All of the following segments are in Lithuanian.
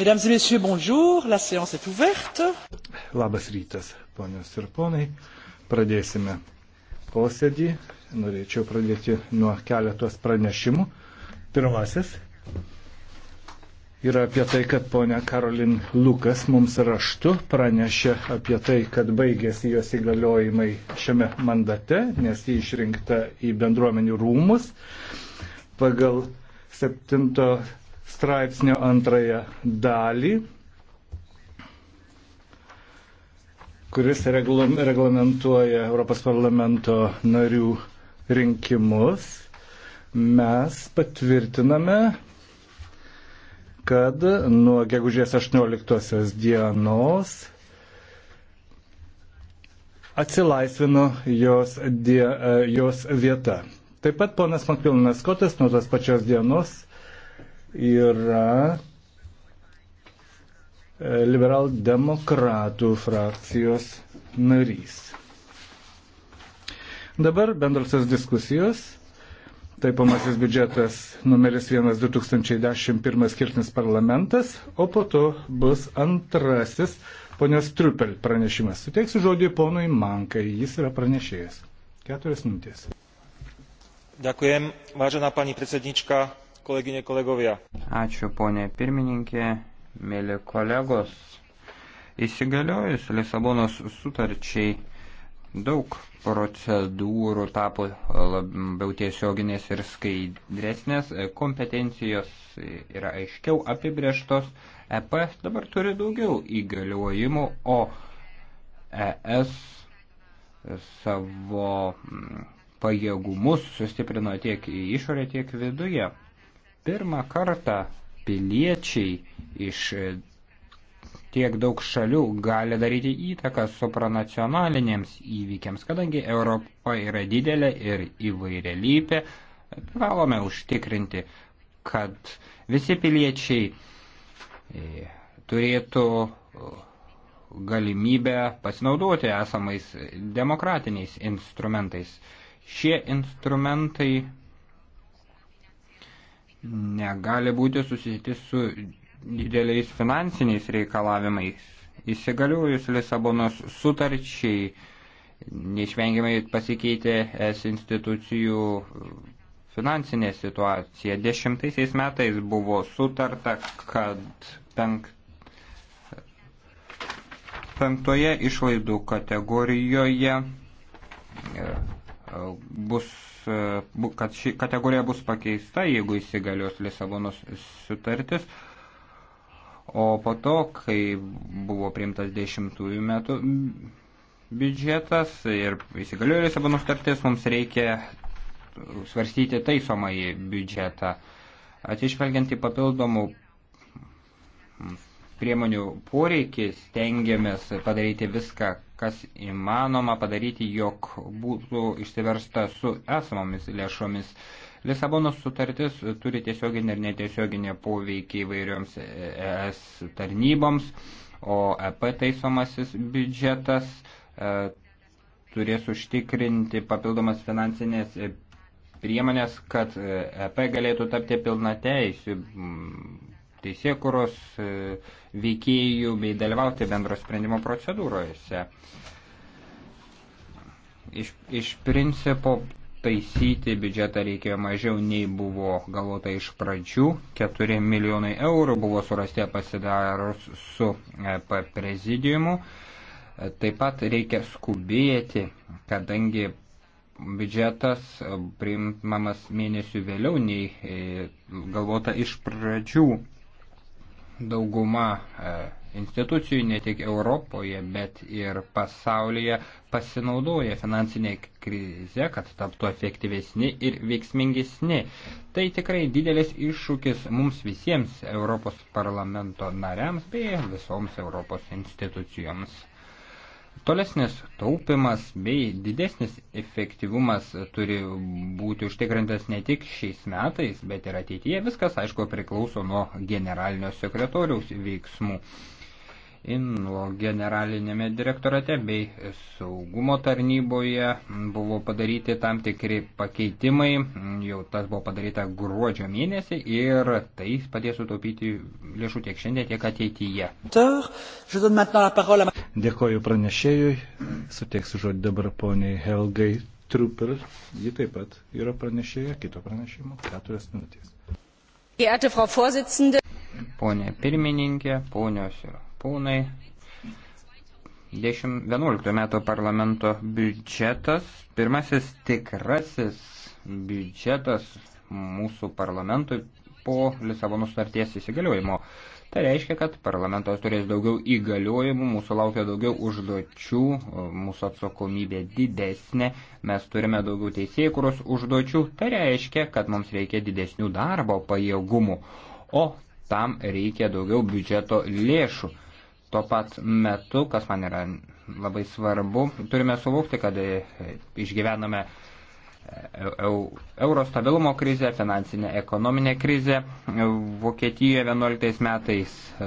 Mesdames et messieurs, bonjour, la séance est ouverte. Labas rytas, ponios ir ponai. Pradėsime posėdį. Norėčiau pradėti nuo keletos pranešimų. Pirmasis yra apie tai, kad ponia Karolin Lukas mums raštu pranešė apie tai, kad baigėsi jos įgaliojimai šiame mandate, nes jį išrinkta į bendruomenių rūmus. Pagal 7 straipsnio antrąją dalį, kuris reglamentuoja Europos parlamento narių rinkimus, mes patvirtiname, kad nuo gegužės 18 dienos atsilaisvino jos, die, jos vieta. Taip pat ponas Makvilinas Kotas nuo tos pačios dienos yra e, liberaldemokratų frakcijos narys. Dabar bendrosios diskusijos. Taipomasis biudžetas numeris 1 2011 skirtinis parlamentas, o po to bus antrasis ponios Triupel pranešimas. Suteiksiu žodį ponui Mankai, jis yra pranešėjas. Keturias minutės. Ďakujem, vážená pani predsednička, kolegyne, kolegovia. Ačiū, ponė pirmininkė, mėly kolegos. Įsigaliojus Lisabonos sutarčiai daug procedūrų tapo labiau tiesioginės ir skaidresnės, kompetencijos yra aiškiau apibrieštos, EP dabar turi daugiau įgaliojimų, o ES savo mm, pajėgumus sustiprino tiek į išorę, tiek viduje. Pirmą kartą piliečiai iš e, tiek daug šalių gali daryti įtaką supranacionalinėms įvykiams, kadangi Europa yra didelė ir įvairialypė, privalome užtikrinti, kad visi piliečiai e, turėtų galimybę pasinaudoti esamais demokratiniais instrumentais. Šie instrumentai negali būti susijęti su dideliais finansiniais reikalavimais. Įsigaliojus Lisabonos sutarčiai neišvengiamai pasikeitė es institucijų finansinė situacija. Dešimtaisiais metais buvo sutarta, kad penkt, penktoje išlaidų kategorijoje e, bus E, kad ši kategorija bus pakeista, jeigu įsigalios Lisabonos sutartis. O po to, kai buvo priimtas dešimtųjų metų biudžetas ir įsigaliojo Lisabonos sutartis, mums reikia svarstyti taisomąjį biudžetą. Atsižvelgiant į papildomų priemonių poreikį, stengiamės padaryti viską, kas įmanoma padaryti, jog būtų išsiversta su esamomis lėšomis. Lisabonos sutartis turi tiesioginį ir netiesioginį poveikį įvairioms ES tarnyboms, o EP taisomasis biudžetas e, turės užtikrinti papildomas finansinės priemonės, kad EP galėtų tapti pilnateisių teisėkuros e, veikėjų bei dalyvauti bendro sprendimo procedūrose. Iš, iš principo taisyti biudžetą reikėjo mažiau nei buvo galvota iš pradžių. 4 milijonai eurų buvo surasti pasidarus su EP prezidiumu. E, taip pat reikia skubėti, kadangi biudžetas priimamas mėnesių vėliau nei e, galvota iš pradžių dauguma e, institucijų ne tik Europoje, bet ir pasaulyje pasinaudoja finansinė krize, kad taptų efektyvesni ir veiksmingesni. Tai tikrai didelis iššūkis mums visiems Europos parlamento nariams bei visoms Europos institucijoms. Tolesnis taupimas bei didesnis efektyvumas turi būti užtikrintas ne tik šiais metais, bet ir ateityje. Viskas, aišku, priklauso nuo generalinio sekretoriaus veiksmų. INLO generalinėme direktorate bei saugumo tarnyboje buvo padaryti tam tikri pakeitimai, jau tas buvo padaryta gruodžio mėnesį ir tai padės sutaupyti lėšų tiek šiandien, tiek ateityje. Dėkoju pranešėjui, suteiksiu žodį dabar poniai Helgai Trooper, ji taip pat yra pranešėja, kito pranešimo, keturias minutės. Geehrte Frau Vorsitzende. Pone pirmininkė, ponios ir ponai, 2011 metų parlamento biudžetas, pirmasis tikrasis biudžetas mūsų parlamentui po Lisabono sutarties įsigaliojimo. Tai reiškia, kad parlamentas turės daugiau įgaliojimų, mūsų laukia daugiau užduočių, mūsų atsakomybė didesnė, mes turime daugiau teisėkuros užduočių, tai reiškia, kad mums reikia didesnių darbo pajėgumų, o tam reikia daugiau biudžeto lėšų. Tuo pat metu, kas man yra labai svarbu, turime suvokti, kad e, išgyvename euro stabilumo krizę, finansinę ekonominę krizę. Vokietijoje 11 metais e,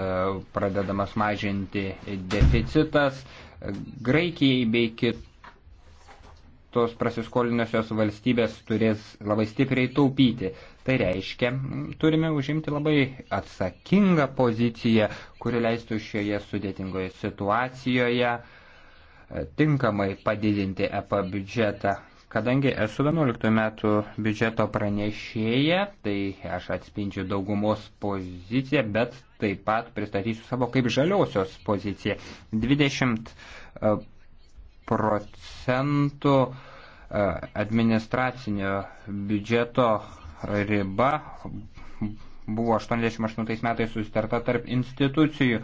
pradedamas mažinti deficitas. Graikijai bei kitos prasiskolinusios valstybės turės labai stipriai taupyti. Tai reiškia, turime užimti labai atsakingą poziciją, kuri leistų šioje sudėtingoje situacijoje e, tinkamai padidinti EPA biudžetą. Kadangi esu 11 metų biudžeto pranešėja, tai aš atspindžiu daugumos poziciją, bet taip pat pristatysiu savo kaip žaliosios poziciją. 20 e, procentų e, administracinio biudžeto riba buvo 88 metais susitarta tarp institucijų.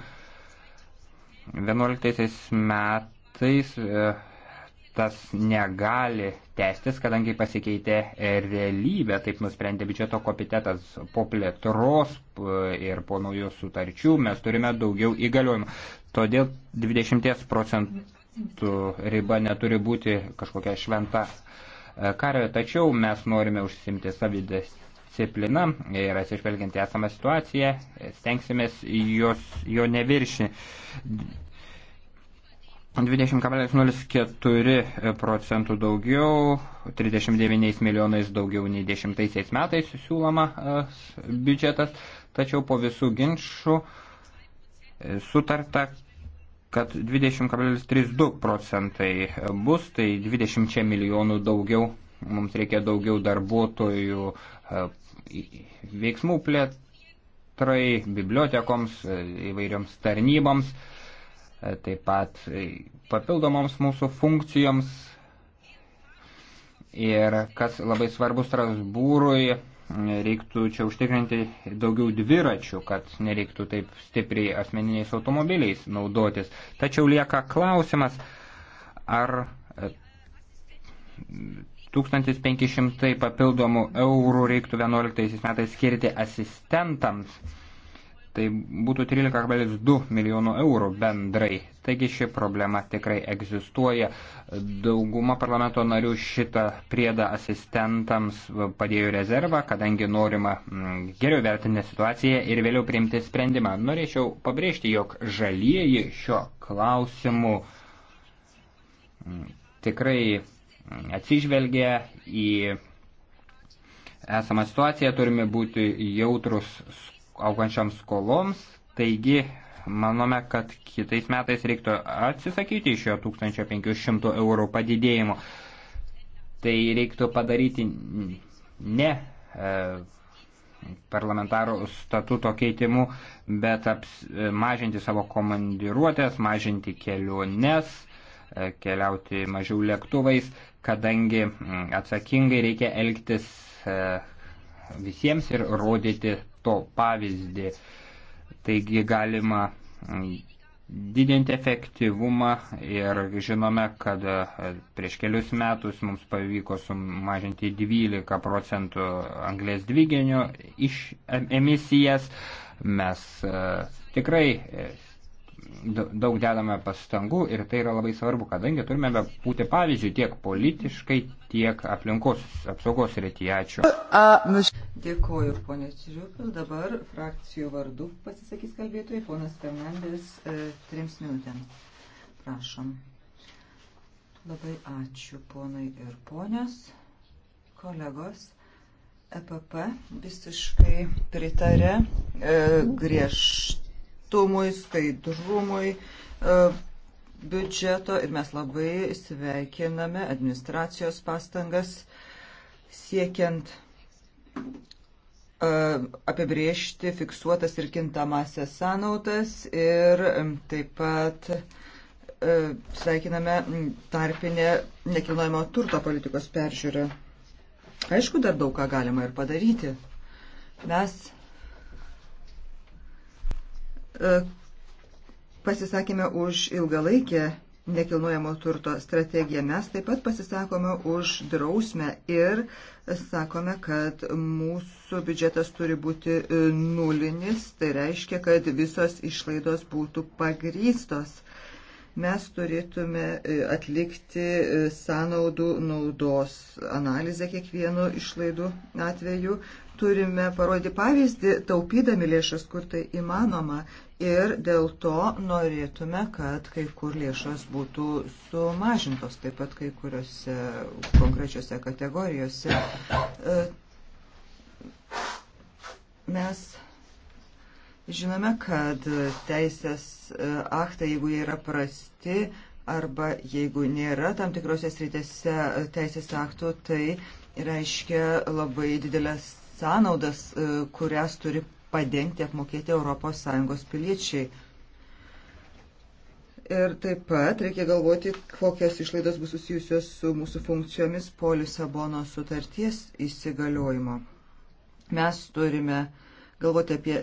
11 metais e, tas negali tęstis, kadangi pasikeitė realybė, taip nusprendė biudžeto komitetas po plėtros ir po naujų sutarčių, mes turime daugiau įgaliojimų. Todėl 20 procentų riba neturi būti kažkokia šventa e, karioje, tačiau mes norime užsimti savydės disciplina ir atsižvelgiant į esamą situaciją, stengsimės jos, jo neviršį. 20,04 e, procentų daugiau, 39 milijonais daugiau nei 10 metais siūloma e, biudžetas, tačiau po visų ginčių e, sutarta, kad 20,32 procentai bus, tai 20 milijonų daugiau, mums reikia daugiau darbuotojų veiksmų plėtrai, bibliotekoms, įvairioms tarnyboms E, taip pat e, papildomoms mūsų funkcijoms. Ir kas labai svarbu Strasbūrui, e, reiktų čia užtikrinti daugiau dviračių, kad nereiktų taip stipriai asmeniniais automobiliais naudotis. Tačiau lieka klausimas, ar 1500 papildomų eurų reiktų 11 metais skirti asistentams Tai būtų 13,2 milijonų eurų bendrai. Taigi ši problema tikrai egzistuoja. Dauguma parlamento narių šitą priedą asistentams padėjo rezervą, kadangi norima mm, geriau vertinti situaciją ir vėliau priimti sprendimą. Norėčiau pabrėžti, jog žalieji šio klausimu mm, tikrai mm, atsižvelgia į esamą situaciją, turime būti jautrus augančioms skoloms, taigi manome, kad kitais metais reiktų atsisakyti iš jo 1500 eurų padidėjimo. Tai reiktų padaryti ne e, parlamentarų statuto keitimu, bet aps, e, mažinti savo komandiruotės, mažinti keliones, e, keliauti mažiau lėktuvais, kadangi atsakingai reikia elgtis e, visiems ir rodyti to pavyzdį. Taigi galima didinti efektyvumą ir žinome, kad e, prieš kelius metus mums pavyko sumažinti 12 procentų anglės dvigenio iš emisijas. Mes e, tikrai e, daug dedame pastangų ir tai yra labai svarbu, kadangi turime būti pavyzdžių tiek politiškai, tiek aplinkos apsaugos rytyje. Ačiū. Dėkuoju, ponė Čiriupil. Dabar frakcijų vardu pasisakys kalbėtojai, ponas Fernandės, e, trims minutėms. Prašom. Labai ačiū, ponai ir ponios, kolegos. EPP visiškai pritarė e, griežtai lankstumui, skaidrumui e, biudžeto ir mes labai sveikiname administracijos pastangas siekiant e, apibriežti fiksuotas ir kintamasias sąnautas ir e, taip pat sveikiname tarpinę nekilnojamo turto politikos peržiūrą. Aišku, dar daug ką galima ir padaryti. Mes E, pasisakėme už ilgalaikę nekilnojamo turto strategiją. Mes taip pat pasisakome už drausmę ir sakome, kad mūsų biudžetas turi būti e, nulinis. Tai reiškia, kad visos išlaidos būtų pagrystos. Mes turėtume e, atlikti sąnaudų naudos analizę kiekvienu išlaidų atveju turime parodyti pavyzdį, taupydami lėšas, kur tai įmanoma. Ir dėl to norėtume, kad kai kur lėšas būtų sumažintos, taip pat kai kuriuose konkrečiose kategorijose. E, mes žinome, kad teisės e, aktai, jeigu jie yra prasti, arba jeigu nėra tam tikrose sritėse teisės aktų, tai reiškia labai didelės sąnaudas, e, kurias turi padengti apmokėti ES piliečiai. Ir taip pat reikia galvoti, kokios išlaidos bus susijusios su mūsų funkcijomis po Lisabono sutarties įsigaliojimo. Mes turime galvoti apie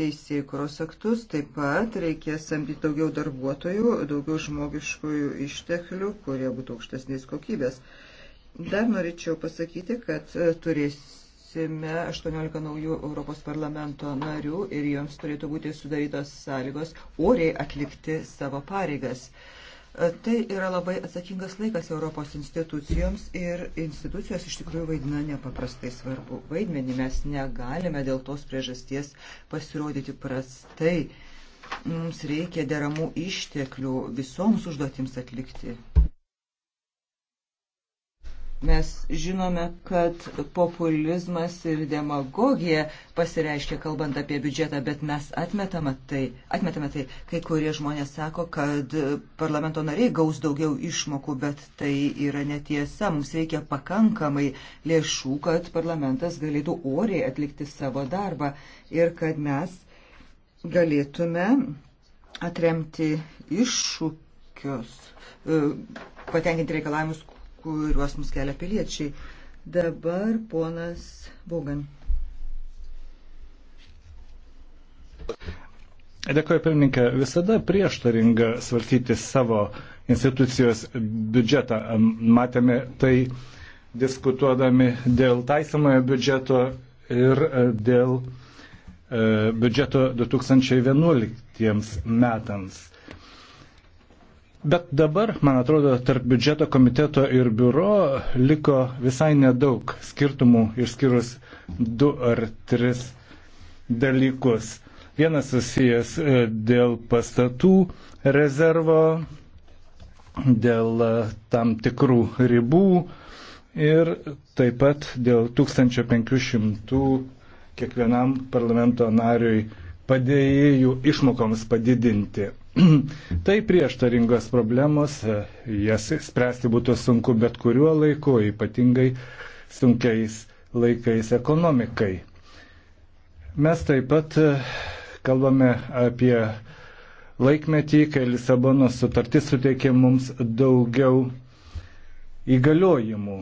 teisėkuros aktus, taip pat reikės samdyti daugiau darbuotojų, daugiau žmogiškųjų išteklių, kurie būtų aukštesnės kokybės. Dar norėčiau pasakyti, kad turės rinksime 18 naujų Europos parlamento narių ir joms turėtų būti sudarytos sąlygos oriai atlikti savo pareigas. E, tai yra labai atsakingas laikas Europos institucijoms ir institucijos iš tikrųjų vaidina nepaprastai svarbu vaidmenį. Mes negalime dėl tos priežasties pasirodyti prastai. Mums reikia deramų išteklių visoms užduotims atlikti. Mes žinome, kad populizmas ir demagogija pasireiškia kalbant apie biudžetą, bet mes atmetame tai, atmetame tai. Kai kurie žmonės sako, kad parlamento nariai gaus daugiau išmokų, bet tai yra netiesa. Mums reikia pakankamai lėšų, kad parlamentas galėtų oriai atlikti savo darbą ir kad mes galėtume atremti iššūkius, patenkinti reikalavimus, kuriuos mus kelia piliečiai. Dabar ponas Bogan. Dėkuoju, pirmininkė. Visada prieštaringa svarstyti savo institucijos biudžetą. Matėme tai diskutuodami dėl taisomojo biudžeto ir e, dėl e, biudžeto 2011 metams. Bet dabar, man atrodo, tarp biudžeto komiteto ir biuro liko visai nedaug skirtumų, išskyrus du ar tris dalykus. Vienas susijęs e, dėl pastatų rezervo, dėl e, tam tikrų ribų ir taip pat dėl 1500 kiekvienam parlamento nariui padėjėjų išmokoms padidinti. Tai prieštaringos problemos, e, jas spręsti būtų sunku bet kuriuo laiku, ypatingai sunkiais laikais ekonomikai. Mes taip pat e, kalbame apie laikmetį, kai Lisabonos sutartis suteikė mums daugiau įgaliojimų.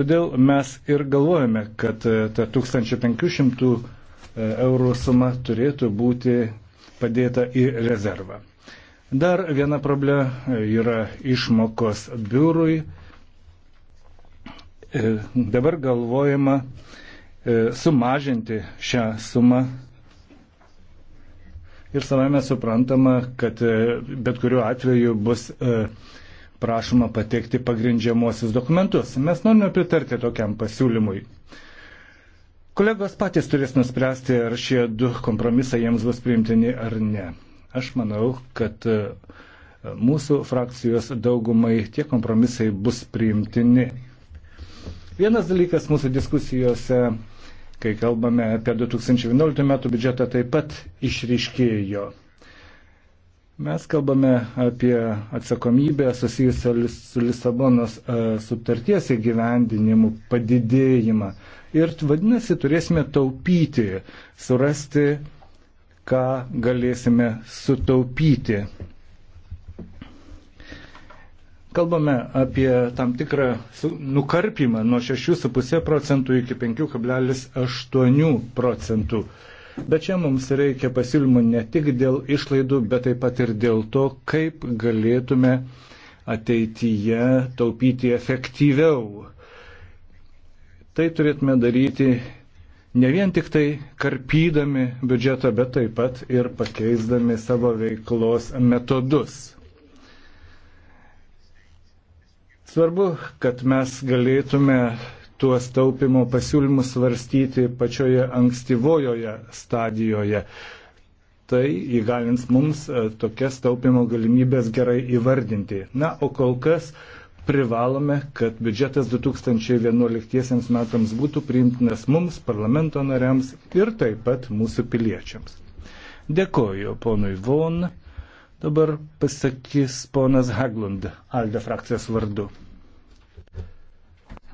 Todėl mes ir galvojame, kad e, ta 1500 eurų suma turėtų būti padėta į rezervą. Dar viena problema yra išmokos biurui. E, dabar galvojama e, sumažinti šią sumą ir savame suprantama, kad e, bet kuriuo atveju bus prašoma pateikti pagrindžiamuosius dokumentus. Mes norime pritarti tokiam pasiūlymui. Kolegos patys turės nuspręsti, ar šie du kompromisai jiems bus priimtini ar ne. Aš manau, kad e, mūsų frakcijos daugumai tie kompromisai bus priimtini. Vienas dalykas mūsų diskusijose, kai kalbame apie 2011 metų biudžetą, taip pat išryškėjo. Mes kalbame apie atsakomybę susijusią su Lisabonos e, sutarties įgyvendinimu padidėjimą. Ir vadinasi, turėsime taupyti, surasti, ką galėsime sutaupyti. Kalbame apie tam tikrą nukarpimą nuo 6,5 procentų iki 5,8 procentų. Bet čia mums reikia pasiūlymų ne tik dėl išlaidų, bet taip pat ir dėl to, kaip galėtume ateityje taupyti efektyviau. Tai turėtume daryti ne vien tik tai karpydami biudžetą, bet taip pat ir pakeisdami savo veiklos metodus. Svarbu, kad mes galėtume tuos taupimo pasiūlymus svarstyti pačioje ankstyvojoje stadijoje. Tai įgalins mums e, tokias taupimo galimybės gerai įvardinti. Na, o kol kas privalome, kad biudžetas 2011 metams būtų priimtinas mums, parlamento nariams ir taip pat mūsų piliečiams. Dėkoju ponui Von. Dabar pasakys ponas Haglund, Alde frakcijos vardu.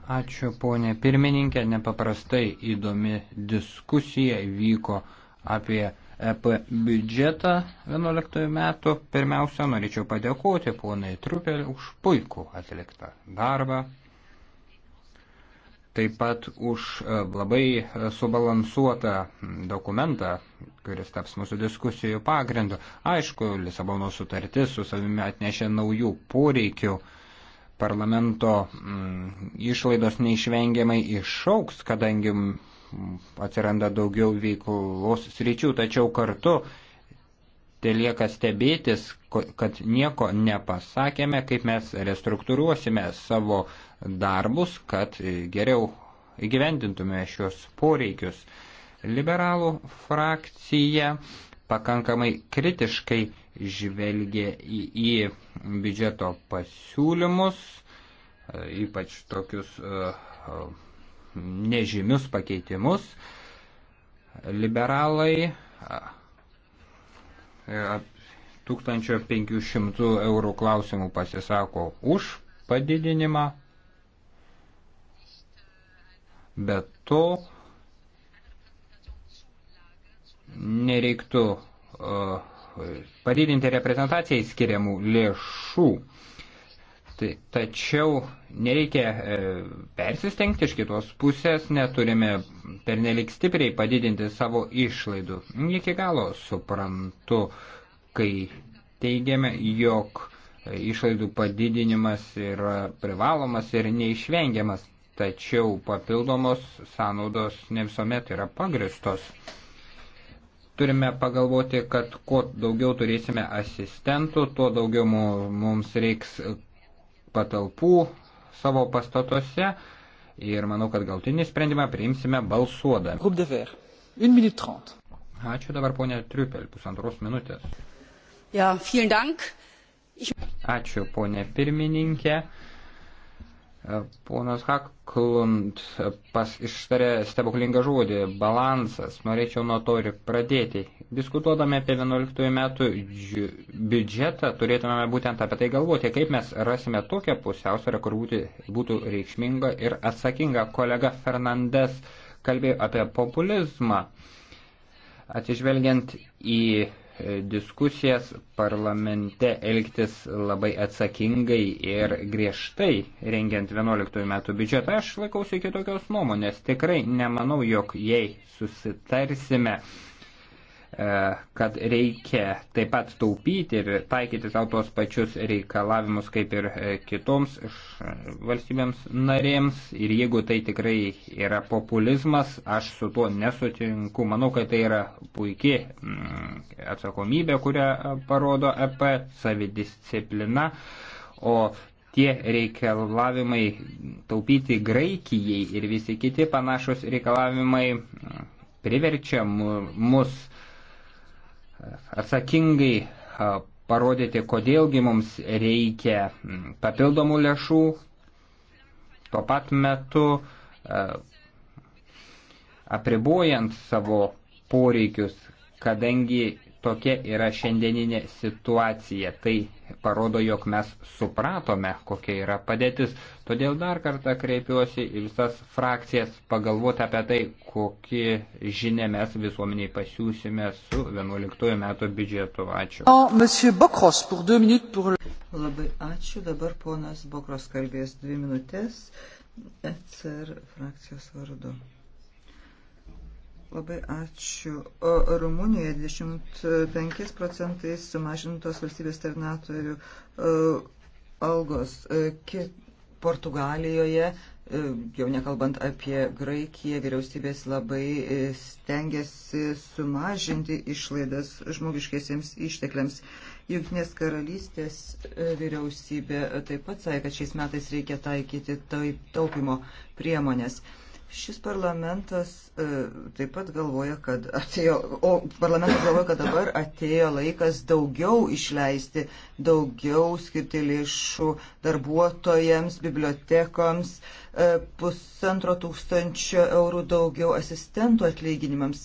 Ačiū, ponė pirmininkė, nepaprastai įdomi diskusija vyko apie EP biudžetą 11 metų. Pirmiausia, norėčiau padėkoti ponai Trupel už puikų atliktą darbą, taip pat už e, labai e, subalansuotą dokumentą, kuris taps mūsų diskusijų pagrindu. Aišku, Lisabono sutartis su savimi atnešė naujų poreikių parlamento mm, išlaidos neišvengiamai išauks, kadangi mm, atsiranda daugiau veiklos sričių, tačiau kartu tai lieka stebėtis, kad nieko nepasakėme, kaip mes restruktūruosime savo darbus, kad geriau įgyvendintume šios poreikius. Liberalų frakcija pakankamai kritiškai žvelgia į, į biudžeto pasiūlymus, e, ypač tokius e, e, nežymius pakeitimus. Liberalai 1500 eurų klausimų pasisako už padidinimą, bet to nereiktų uh, padidinti reprezentacijai skiriamų lėšų. Tai, tačiau nereikia e, persistengti iš kitos pusės, neturime pernelik stipriai padidinti savo išlaidų. Iki galo suprantu, kai teigiame, jog išlaidų padidinimas yra privalomas ir neišvengiamas, tačiau papildomos sąnaudos ne visuomet yra pagristos turime pagalvoti, kad kuo daugiau turėsime asistentų, tuo daugiau mums reiks patalpų savo pastatuose ir manau, kad galtinį sprendimą priimsime balsuodami. Ačiū dabar ponė Triupel, pusantros minutės. Ja, Ačiū ponė pirmininkė. Ponas Haklund pas ištarė stebuklingą žodį - balansas. Norėčiau nuo to ir pradėti. Diskutuodami apie 11 metų biudžetą turėtume būtent apie tai galvoti, kaip mes rasime tokią pusiausvyrą, kur būti, būtų reikšminga ir atsakinga. Kolega Fernandes kalbėjo apie populizmą. Atsižvelgiant į diskusijas parlamente elgtis labai atsakingai ir griežtai rengiant 11 metų biudžetą. Aš laikausi kitokios nuomonės. Tikrai nemanau, jog jei susitarsime, E, kad reikia taip pat taupyti ir taikyti savo tos pačius reikalavimus kaip ir e, kitoms valstybėms narėms. Ir jeigu tai tikrai yra populizmas, aš su tuo nesutinku. Manau, kad tai yra puikiai mm, atsakomybė, kurią e, parodo EP, savidisciplina. O tie reikalavimai taupyti Graikijai ir visi kiti panašus reikalavimai mm, priverčia mus atsakingai parodyti, kodėlgi mums reikia papildomų lėšų. Tuo pat metu apribuojant savo poreikius, kadangi Tokia yra šiandieninė situacija. Tai parodo, jog mes supratome, kokia yra padėtis. Todėl dar kartą kreipiuosi į visas frakcijas pagalvoti apie tai, kokį žinę mes visuomeniai pasiūsime su 11 metų biudžetu. Ačiū. Oh, Labai ačiū. Dabar ponas Bokros kalbės dvi minutės. ECR frakcijos vardu. Labai ačiū. O Rumunijoje 25 procentais sumažintos valstybės tarnatorių algos. E, Portugalijoje, e, jau nekalbant apie Graikiją, vyriausybės labai e, stengiasi sumažinti išlaidas žmogiškiesiems ištekliams. Junktinės karalystės vyriausybė taip pat sakė, kad šiais metais reikia taikyti tai, taupimo priemonės. Tai Šis parlamentas e, taip pat galvoja, kad atėjo, o parlamentas galvoja, kad dabar atėjo laikas daugiau išleisti, daugiau skirti lėšų darbuotojams, bibliotekoms, e, pusantro tūkstančio eurų daugiau asistentų atlyginimams.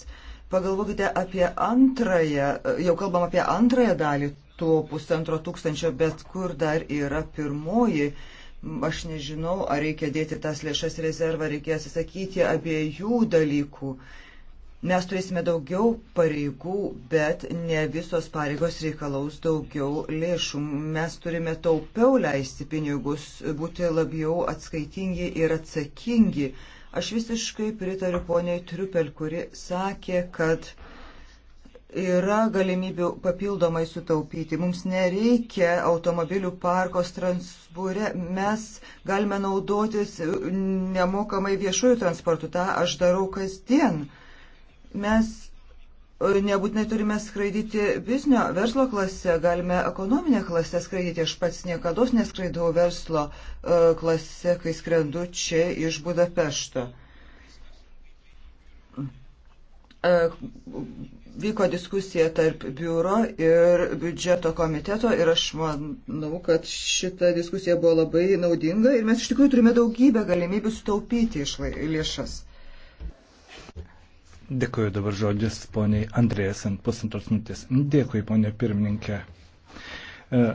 Pagalvokite apie antrąją, e, jau kalbam apie antrąją dalį to pusantro tūkstančio, bet kur dar yra pirmoji Aš nežinau, ar reikia dėti tas lėšas rezervą, reikia atsisakyti abiejų dalykų. Mes turėsime daugiau pareigų, bet ne visos pareigos reikalaus daugiau lėšų. Mes turime taupiau leisti pinigus, būti labiau atskaitingi ir atsakingi. Aš visiškai pritariu poniai Triupel, kuri sakė, kad uh, yra galimybių papildomai sutaupyti. Mums nereikia automobilių parko Strasbūre, mes galime naudotis nemokamai viešųjų transportų. Ta aš darau kasdien. Mes e, nebūtinai turime skraidyti biznio verslo klase, galime ekonominę klasę skraidyti. Aš pats niekada neskraidau verslo e, klase, kai skrendu čia iš Budapešto e, vyko diskusija tarp biuro ir biudžeto komiteto ir aš manau, kad šita diskusija buvo labai naudinga ir mes iš tikrųjų turime daugybę galimybių sutaupyti lėšas. Dėkuoju dabar žodis poniai Andrėjas ant pusantros minutės. Dėkui, ponė pirmininkė. E,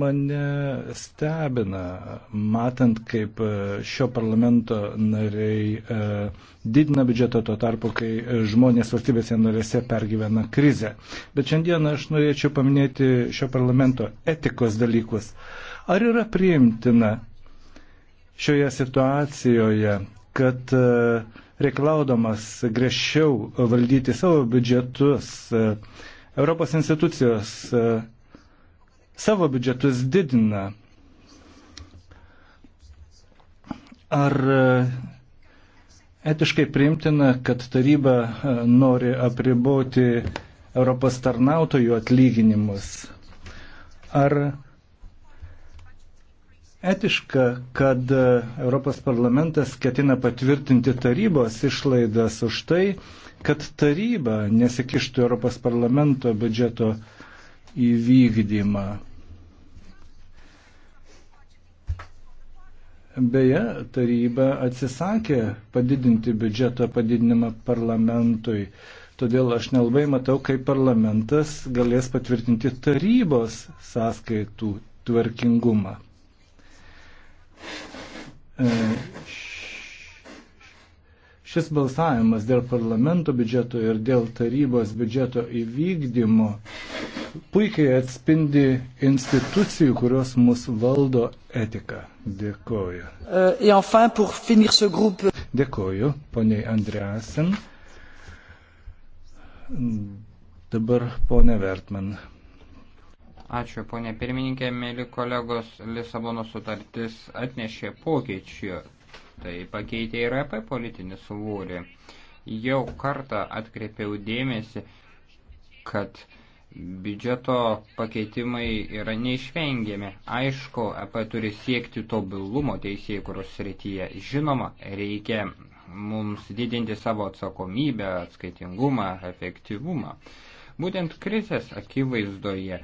mane stebina, matant, kaip e, šio parlamento nariai e, didina biudžetą tuo tarpu, kai žmonės valstybėse narėse pergyvena krizę. Bet šiandieną aš norėčiau paminėti šio parlamento etikos dalykus. Ar yra priimtina šioje situacijoje, kad reiklaudamas griežčiau valdyti savo biudžetus, Europos institucijos savo biudžetus didina. Ar e, etiškai priimtina, kad taryba e, nori apriboti Europos tarnautojų atlyginimus? Ar etiška, kad e, Europos parlamentas ketina patvirtinti tarybos išlaidas už tai, kad taryba nesikištų Europos parlamento biudžeto uh, įvykdymą. Beje, taryba atsisakė padidinti biudžeto padidinimą parlamentui, todėl aš nelabai matau, kaip parlamentas galės patvirtinti tarybos sąskaitų tvarkingumą. E, Šis balsavimas dėl parlamento biudžeto ir dėl tarybos biudžeto įvykdymo puikiai atspindi institucijų, kurios mus valdo etiką. Dėkoju. Euh, Dėkoju, poniai Andreasen. Dabar ponė Vertman. Ačiū, ponė pirmininkė, mėly kolegos, Lisabono sutartis atnešė pokyčių Tai pakeitė ir EP politinį svorį. Jau kartą atkreipiau dėmesį, kad biudžeto pakeitimai yra neišvengiami. Aišku, EP turi siekti tobilumo teisėjų, kurios srityje. Žinoma, reikia mums didinti savo atsakomybę, atskaitingumą, efektyvumą. Būtent krizės akivaizdoje,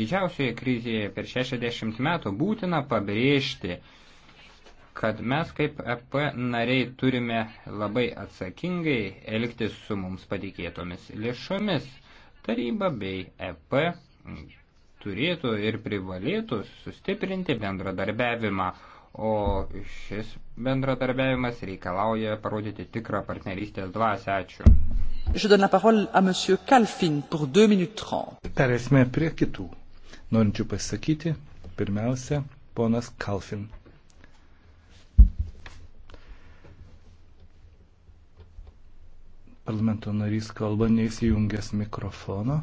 didžiausioje krizėje per 60 metų būtina pabrėžti, kad mes kaip EP nariai turime labai atsakingai elgtis su mums patikėtomis lėšomis. Taryba bei EP turėtų ir privalėtų sustiprinti bendradarbiavimą, o šis bendradarbiavimas reikalauja parodyti tikrą partnerystės dvasę. Ačiū. Perėsime prie kitų. Norinčių pasakyti, pirmiausia, ponas Kalfin. Parlamento narys kalba neįsijungęs mikrofono.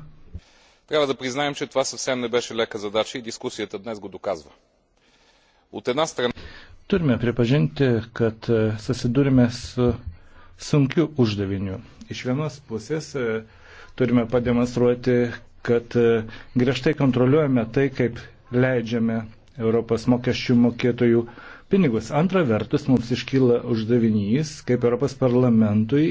Трябва да признаем, че това съвсем не беше лека задача и дискусията днес го доказва. От една страна... Turime pripažinti, kad susidurime su sunkiu uždaviniu. Iš vienos pusės e, turime pademonstruoti, kad e, griežtai kontroliuojame tai, kaip leidžiame Europos mokesčių mokėtojų pinigus. Antra vertus, mums iškyla uždavinys, kaip Europos parlamentui,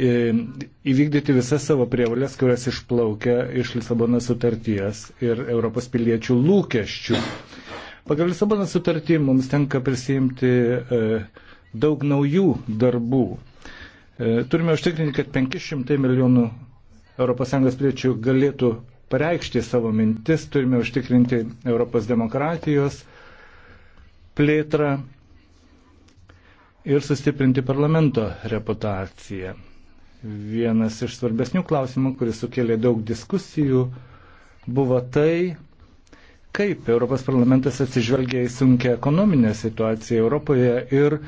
įvykdyti visas savo prievalės, kurias išplaukia iš Lisabono sutarties ir Europos piliečių lūkesčių. Pagal Lisabono sutartį mums tenka prisijimti e, daug naujų darbų. E, turime užtikrinti, kad 500 milijonų ES piliečių galėtų pareikšti savo mintis, turime užtikrinti Europos demokratijos plėtrą ir sustiprinti parlamento reputaciją. Vienas iš svarbesnių klausimų, kuris sukėlė daug diskusijų, buvo tai, kaip Europos parlamentas atsižvelgia į sunkę ekonominę situaciją Europoje ir e,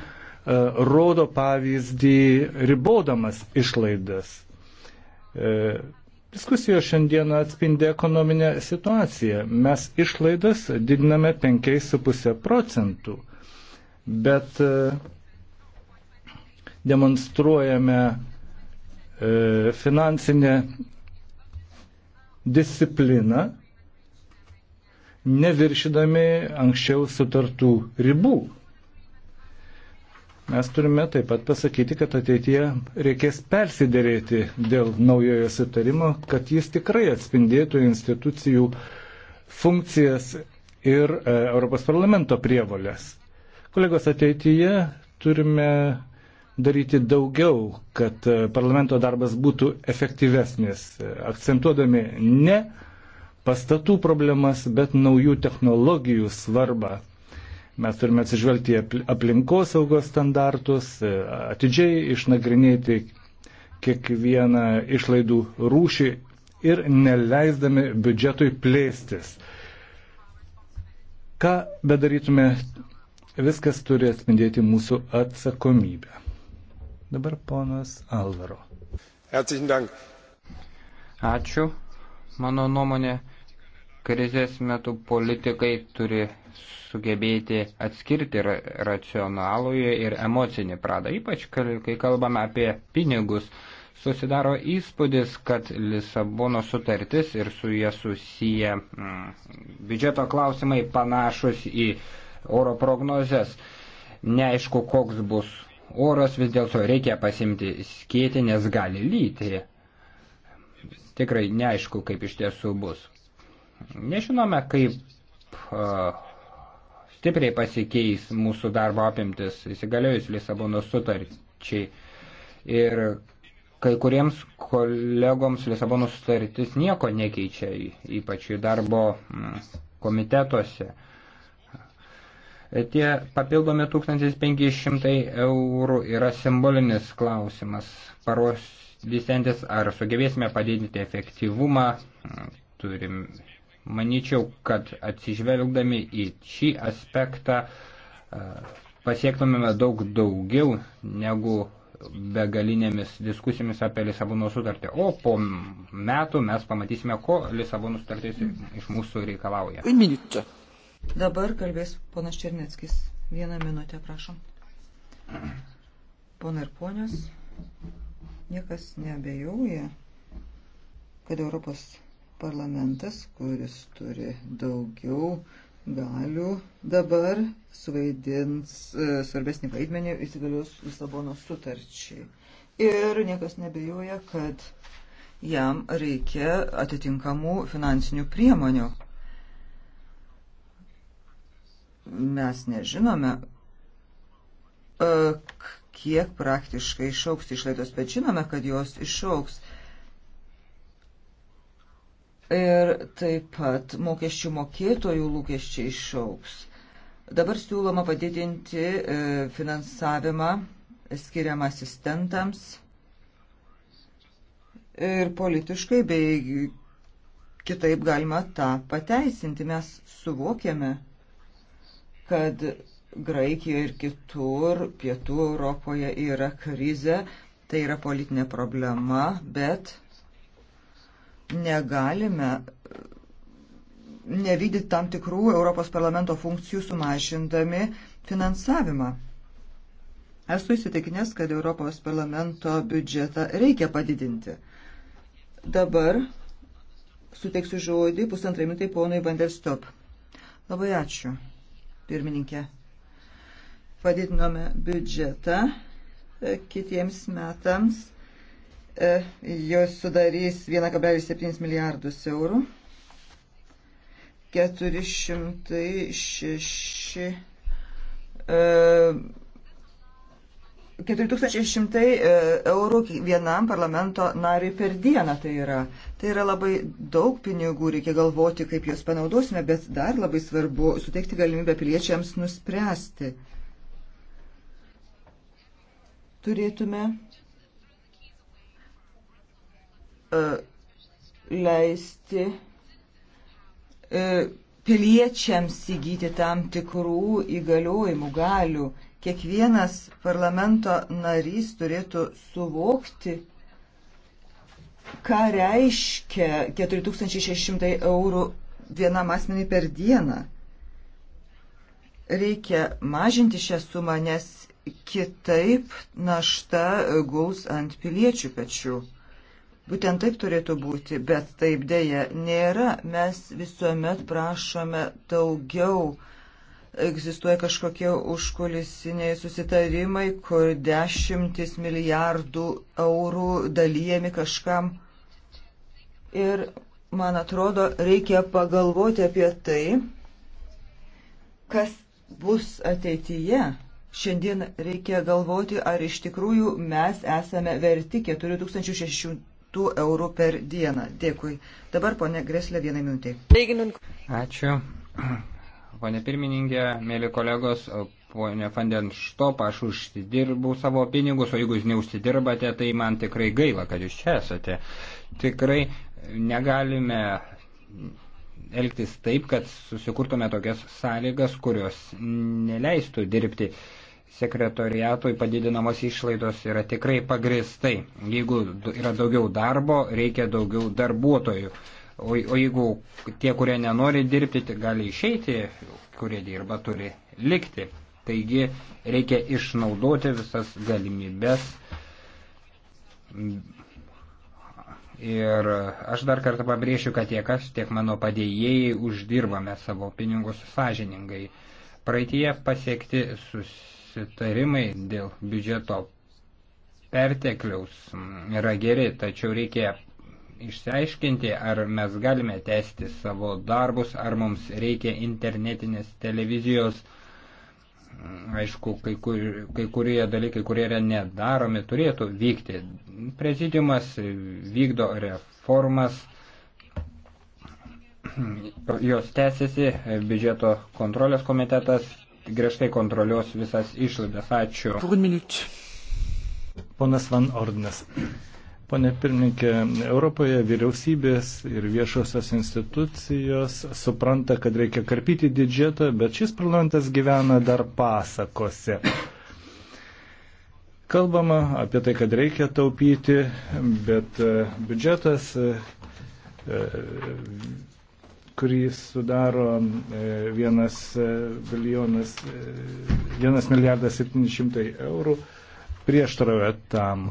rodo pavyzdį ribodamas išlaidas. E, Diskusijos šiandieną atspindi ekonominę situaciją. Mes išlaidas didiname 5,5 procentų, bet e, demonstruojame E, finansinę discipliną, neviršydami anksčiau sutartų ribų. Mes turime taip pat pasakyti, kad ateityje reikės persidėrėti dėl naujojo sutarimo, kad jis tikrai atspindėtų institucijų funkcijas ir e, Europos parlamento prievolės. Kolegos, ateityje turime daryti daugiau, kad e, parlamento darbas būtų efektyvesnis, e, akcentuodami ne pastatų problemas, bet naujų technologijų svarbą. Mes turime atsižvelgti aplinkosaugos standartus, e, atidžiai išnagrinėti kiekvieną išlaidų rūšį ir neleisdami biudžetui plėstis. Ką bedarytume, viskas turi atspindėti mūsų atsakomybę. Dabar ponas Alvaro. Ačiū. Mano nuomonė, krizės metu politikai turi sugebėti atskirti racionalųjį ir emocinį pradą, ypač kai kalbame apie pinigus. Susidaro įspūdis, kad Lisabono sutartis ir su jie susiję mm, biudžeto klausimai panašus į oro prognozes. Neaišku, koks bus oras, vis dėlto reikia pasimti skėti, nes gali lyti. Tikrai neaišku, kaip iš tiesų bus. Nežinome, kaip uh, stipriai pasikeis mūsų darbo apimtis įsigaliojus Lisabono sutarčiai. Ir kai kuriems kolegoms Lisabono sutartis nieko nekeičia, ypač jų darbo komitetuose. Uh, Tie papildomi 1500 eurų yra simbolinis klausimas. Paros disentis, ar sugebėsime padidinti efektyvumą, turim. Manyčiau, kad atsižvelgdami į šį aspektą pasiektumėme daug daugiau negu begalinėmis diskusijomis apie Lisabono sutartį. O po metų mes pamatysime, ko Lisabono sutartis iš mūsų reikalauja. Minutė. Dabar kalbės ponas Černeckis. Vieną minutę, prašom. Pona ir ponios, niekas neabejauja, kad Europos parlamentas, kuris turi daugiau galių, dabar suvaidins e, svarbesnį vaidmenį įsigalius Lisabono sutarčiai. Ir niekas nebejoja, kad jam reikia atitinkamų finansinių priemonių. mes nežinome, e, kiek praktiškai išauks išlaidos, bet žinome, kad jos išauks. Ir taip pat mokesčių mokėtojų lūkesčiai išauks. Dabar siūloma padidinti e, finansavimą skiriamą asistentams ir politiškai bei kitaip galima tą pateisinti. Mes suvokiame kad Graikijoje ir kitur, pietų Europoje yra krize, tai yra politinė problema, bet negalime e, nevykdyti tam tikrų Europos parlamento funkcijų sumažindami finansavimą. Esu įsitikinęs, kad Europos parlamento biudžetą reikia padidinti. Dabar suteiksiu žodį pusantrai minutai ponui Vanderstop. Labai ačiū pirmininkė. Padidinome biudžetą e, kitiems metams. E, jos sudarys 1,7 milijardus eurų. 406 e, 4600 e, eurų vienam parlamento nariui per dieną tai yra. Tai yra labai daug pinigų, reikia galvoti, kaip juos panaudosime, bet dar labai svarbu suteikti galimybę piliečiams nuspręsti. Turėtume e, leisti e, piliečiams įgyti tam tikrų įgaliojimų, galių kiekvienas parlamento narys turėtų suvokti, ką reiškia 4600 eurų vienam asmeniui per dieną. Reikia mažinti šią sumą, nes kitaip našta guls ant piliečių pečių. Būtent taip turėtų būti, bet taip dėja nėra. Mes visuomet prašome daugiau egzistuoja kažkokie užkulisiniai susitarimai, kur dešimtis milijardų eurų dalyjami kažkam. Ir man atrodo, reikia pagalvoti apie tai, kas bus ateityje. Šiandien reikia galvoti, ar iš tikrųjų mes esame verti 4600 eurų per dieną. Dėkui. Dabar, ponė Greslė, vienai minutiai. Ačiū ponė pirmininkė, mėly kolegos, ponė Fandenštop, aš užsidirbu savo pinigus, o jeigu jūs neužsidirbate, tai man tikrai gaila, kad jūs čia esate. Tikrai negalime elgtis taip, kad susikurtume tokias sąlygas, kurios neleistų dirbti sekretoriatui padidinamos išlaidos yra tikrai pagristai. Jeigu yra daugiau darbo, reikia daugiau darbuotojų. O, o jeigu tie, kurie nenori dirbti, tai gali išeiti, kurie dirba, turi likti. Taigi reikia išnaudoti visas galimybės. Ir aš dar kartą pabrėšiu, kad tiek aš, tiek mano padėjėjai uždirbame savo pinigus sąžiningai. Praeitie pasiekti susitarimai dėl biudžeto pertekliaus yra geri, tačiau reikia išsiaiškinti, ar mes galime tęsti savo darbus, ar mums reikia internetinės televizijos. Aišku, kai, kur, kai kurie dalykai, kurie yra nedaromi, turėtų vykti. Prezidiumas vykdo reformas, jos tęsiasi, biudžeto kontrolės komitetas griežtai kontroliuos visas išlaidas. Ačiū. Ponas Van Ordinas. Pone pirmininkė, Europoje vyriausybės ir viešosios institucijos supranta, kad reikia karpyti didžetą, bet šis parlamentas gyvena dar pasakose. Kalbama apie tai, kad reikia taupyti, bet e, biudžetas, e, e, kurį sudaro 1 milijardas 700 eurų, prieštarauja tam.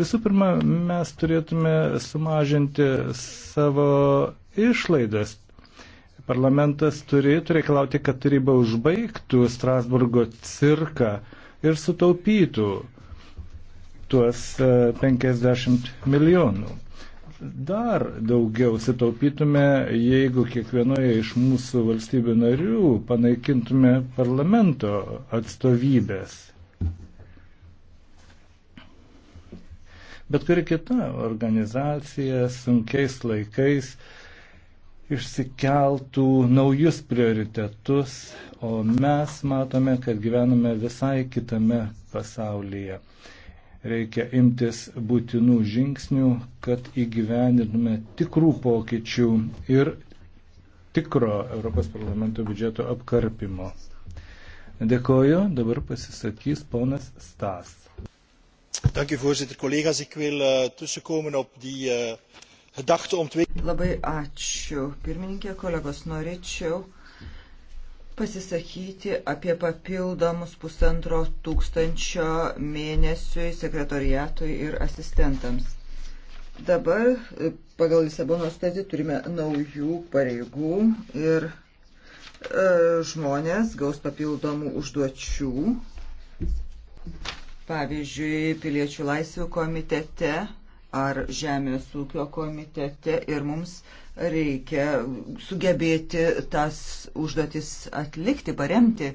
Visų pirma, mes turėtume sumažinti savo išlaidas. Parlamentas turėtų reikalauti, kad taryba užbaigtų Strasburgo cirką ir sutaupytų tuos 50 e, milijonų. Dar daugiau sutaupytume, jeigu kiekvienoje iš mūsų valstybių narių panaikintume parlamento atstovybės. bet kuri kita organizacija sunkiais laikais išsikeltų naujus prioritetus, o mes matome, kad gyvename visai kitame pasaulyje. Reikia imtis būtinų žingsnių, kad įgyvendintume tikrų pokyčių ir tikro Europos parlamento biudžeto apkarpimo. Dėkoju, dabar pasisakys ponas Stas voorzitter collega's ik wil eh, tussenkomen op die eh, gedachte om twee. labai ačiū pirmininke kolegos norėčiau pasisakyti apie papildomus pusantro tūkstančio mėnesiui sekretoriatui ir asistentams. Dabar e, pagal Lisabono statį turime naujų pareigų ir e, žmonės gaus papildomų užduočių pavyzdžiui, piliečių laisvių komitete ar žemės ūkio komitete ir mums reikia sugebėti tas užduotis atlikti, paremti.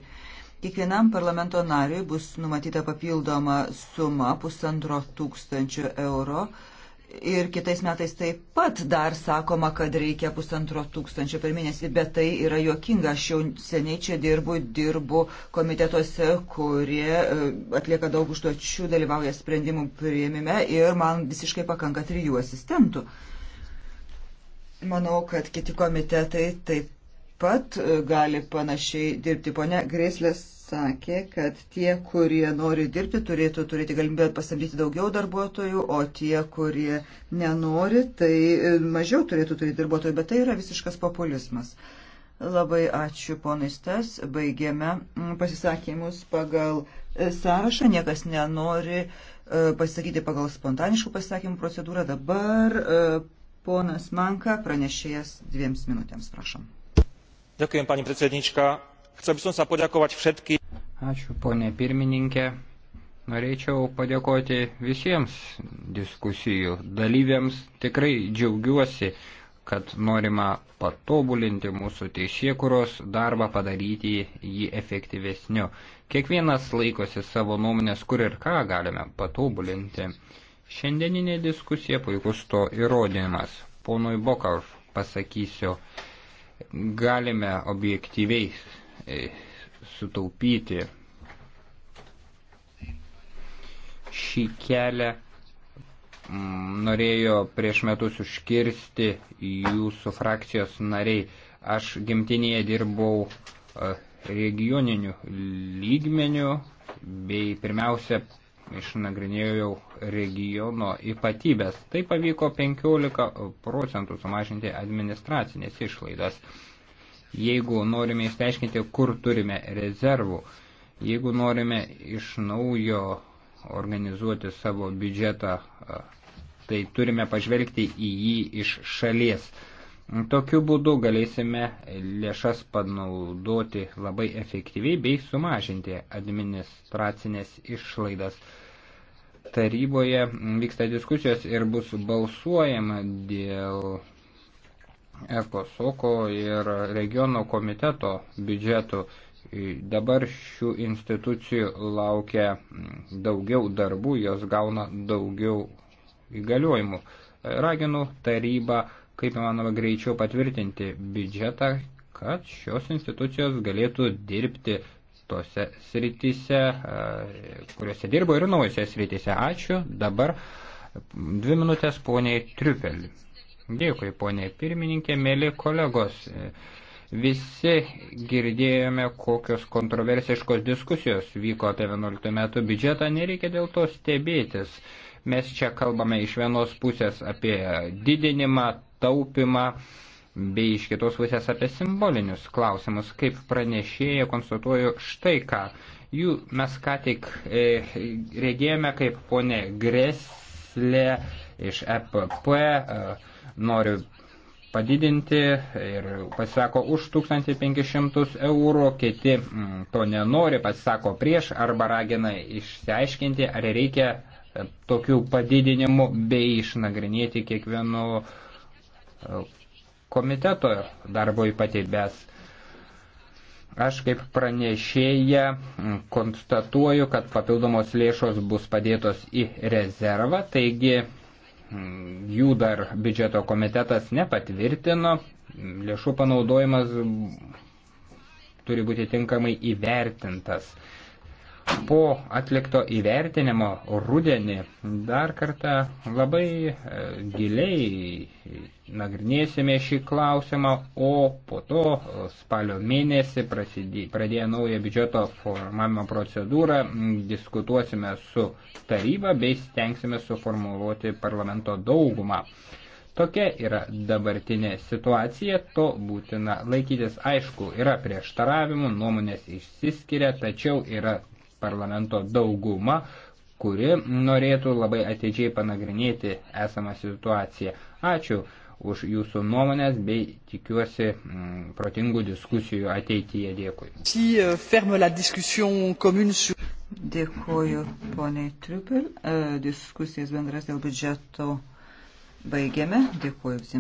Kiekvienam parlamento nariui bus numatyta papildoma suma pusantro tūkstančio euro Ir kitais metais taip pat dar sakoma, kad reikia pusantro tūkstančio per mėnesį, bet tai yra juokinga. Aš jau seniai čia dirbu, dirbu komitetuose, kurie e, atlieka daug užduočių, dalyvauja sprendimų prieimime ir man visiškai pakanka trijų asistentų. Manau, kad kiti komitetai taip pat e, gali panašiai dirbti. Pone Grėslės sakė, kad tie, kurie nori dirbti, turėtų turėti galimybę pasamdyti daugiau darbuotojų, o tie, kurie nenori, tai mažiau turėtų turėti darbuotojų, bet tai yra visiškas populizmas. Labai ačiū, ponai Stas. Baigėme mm, pasisakymus pagal e, sąrašą. Niekas nenori e, pasakyti pagal spontaniškų pasisakymų procedūrą. Dabar e, ponas Manka, pranešėjas dviems minutėms, prašom. Dėkuojam, pani predsednička Chcel by som sa poďakovať všetkým. Ačiū, ponė pirmininkė. Norėčiau padėkoti visiems diskusijų dalyviams. Tikrai džiaugiuosi, kad norima patobulinti mūsų teisėkuros darbą, padaryti jį efektyvesniu. Kiekvienas laikosi savo nuomonės, kur ir ką galime patobulinti. Šiandieninė diskusija puikus to įrodymas. Ponui Bokauf pasakysiu, galime objektyviai E, sutaupyti. Šį kelią mm, norėjo prieš metus užkirsti jūsų frakcijos nariai. Aš gimtinėje dirbau e, regioniniu lygmeniu bei pirmiausia išnagrinėjau regiono ypatybės. Tai pavyko 15 procentų sumažinti administracinės išlaidas jeigu norime išsiaiškinti, kur turime rezervų, jeigu norime iš naujo organizuoti savo biudžetą, tai turime pažvelgti į jį iš šalies. Tokiu būdu galėsime lėšas panaudoti labai efektyviai bei sumažinti administracinės išlaidas. Taryboje vyksta diskusijos ir bus balsuojama dėl ECOSOCO ir regiono komiteto biudžetų. Dabar šių institucijų laukia daugiau darbų, jos gauna daugiau įgaliojimų. Raginu tarybą, kaip įmanoma, greičiau patvirtinti biudžetą, kad šios institucijos galėtų dirbti tose srityse, e, kuriuose dirbo ir naujose srityse. Ačiū. Dabar dvi minutės poniai Triupelį. Dėkui, ponė pirmininkė, mėly kolegos. Visi girdėjome, kokios kontroversiškos diskusijos vyko apie 11 metų biudžetą, nereikia dėl to stebėtis. Mes čia kalbame iš vienos pusės apie didinimą, taupimą, bei iš kitos pusės apie simbolinius klausimus. Kaip pranešėja konstatuoju štai ką. Jų mes ką tik e, regėjome, kaip ponė Greslė iš EPP. E, e nori padidinti ir pasisako už 1500 eurų, kiti mm, to nenori, pasisako prieš arba ragina išsiaiškinti, ar reikia e, tokių padidinimų bei išnagrinėti kiekvieno e, komiteto darbo ypatybės. Aš kaip pranešėja mm, konstatuoju, kad papildomos lėšos bus padėtos į rezervą, taigi jų dar biudžeto komitetas nepatvirtino, lėšų panaudojimas turi būti tinkamai įvertintas po atlikto įvertinimo rudenį dar kartą labai e, giliai nagrinėsime šį klausimą, o po to e, spalio mėnesį prasidė, pradėję naują biudžeto formavimo procedūrą diskutuosime su taryba bei stengsime suformuoluoti parlamento daugumą. Tokia yra dabartinė situacija, to būtina laikytis. Aišku, yra prieštaravimų, nuomonės išsiskiria, tačiau yra parlamento dauguma, kuri norėtų labai ateidžiai panagrinėti esamą situaciją. Ačiū už jūsų nuomonės bei tikiuosi m, mm, protingų diskusijų ateityje. Dėkui. Euh, Dėkuoju, poniai Triupel. Euh, diskusijas bendras dėl biudžeto baigėme. Dėkuoju visiems.